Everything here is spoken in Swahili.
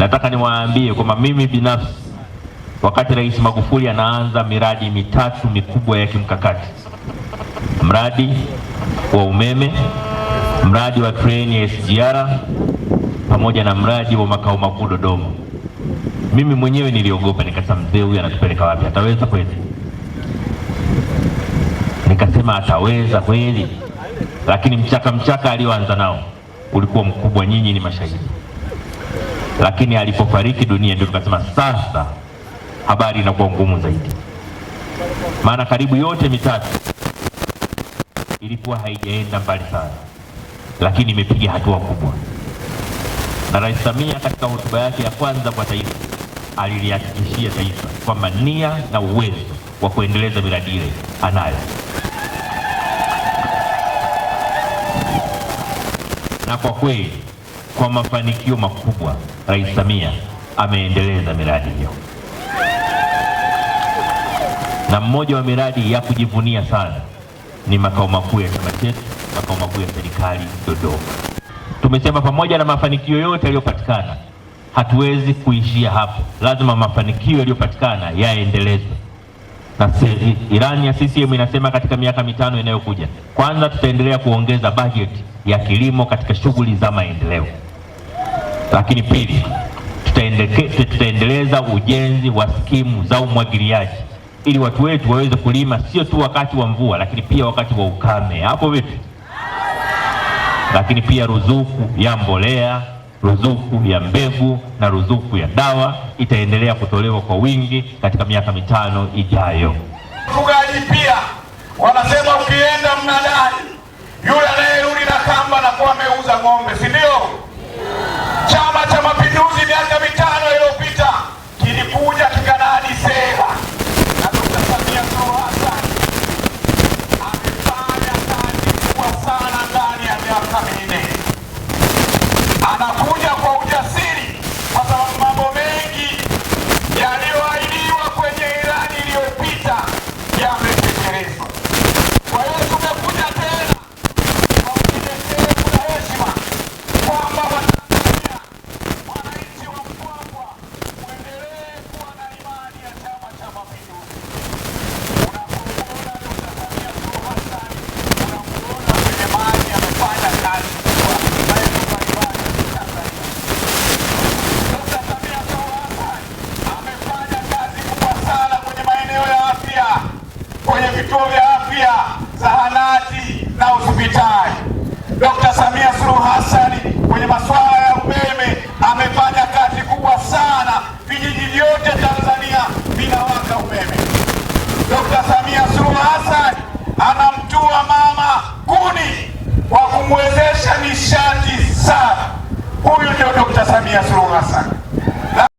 Nataka niwaambie kwamba mimi binafsi, wakati Rais Magufuli anaanza miradi mitatu mikubwa ya kimkakati, mradi wa umeme, mradi wa treni ya SGR pamoja na mradi wa makao makuu Dodoma, mimi mwenyewe niliogopa, nikasema mzee huyu anatupeleka wapi? Ataweza kweli? Nikasema ataweza kweli? Lakini mchaka mchaka alioanza nao ulikuwa mkubwa, nyinyi ni mashahidi lakini alipofariki dunia ndio tukasema sasa habari inakuwa ngumu zaidi, maana karibu yote mitatu ilikuwa haijaenda mbali sana, lakini imepiga hatua kubwa. Na Rais Samia katika hotuba yake ya kwanza kwa taifa alilihakikishia taifa kwamba nia na uwezo wa kuendeleza miradi ile anayo, na kwa kweli kwa mafanikio makubwa, Rais Samia ameendeleza miradi hiyo, na mmoja wa miradi ya kujivunia sana ni makao makuu ya chama chetu, makao makuu ya serikali Dodoma. Tumesema pamoja na mafanikio yote yaliyopatikana, hatuwezi kuishia hapo, lazima mafanikio yaliyopatikana yaendelezwe na ilani ya CCM inasema katika miaka mitano inayokuja, kwanza tutaendelea kuongeza bajeti ya kilimo katika shughuli za maendeleo. Lakini pili, tutaendeleza ujenzi wa skimu za umwagiliaji ili watu wetu waweze kulima sio tu wakati wa mvua, lakini pia wakati wa ukame. Hapo vipi? Lakini pia ruzuku ya mbolea, ruzuku ya mbegu na ruzuku ya dawa itaendelea kutolewa kwa wingi katika miaka mitano ijayo. Fugaji pia wanasema ukienda mnadani, yule anayerudi na kamba na kuwa ameuza ng'ombe, si ndio? vituo vya afya, zahanati na hospitali. Dkt. Samia Suluhu Hassan kwenye masuala ya umeme amefanya kazi kubwa sana, vijiji vyote Tanzania vinawaka umeme. Dkt. Samia Suluhu Hassan anamtua mama kuni kwa kumwezesha nishati sana. Huyu ndio Dkt. Samia Suluhu Hassan.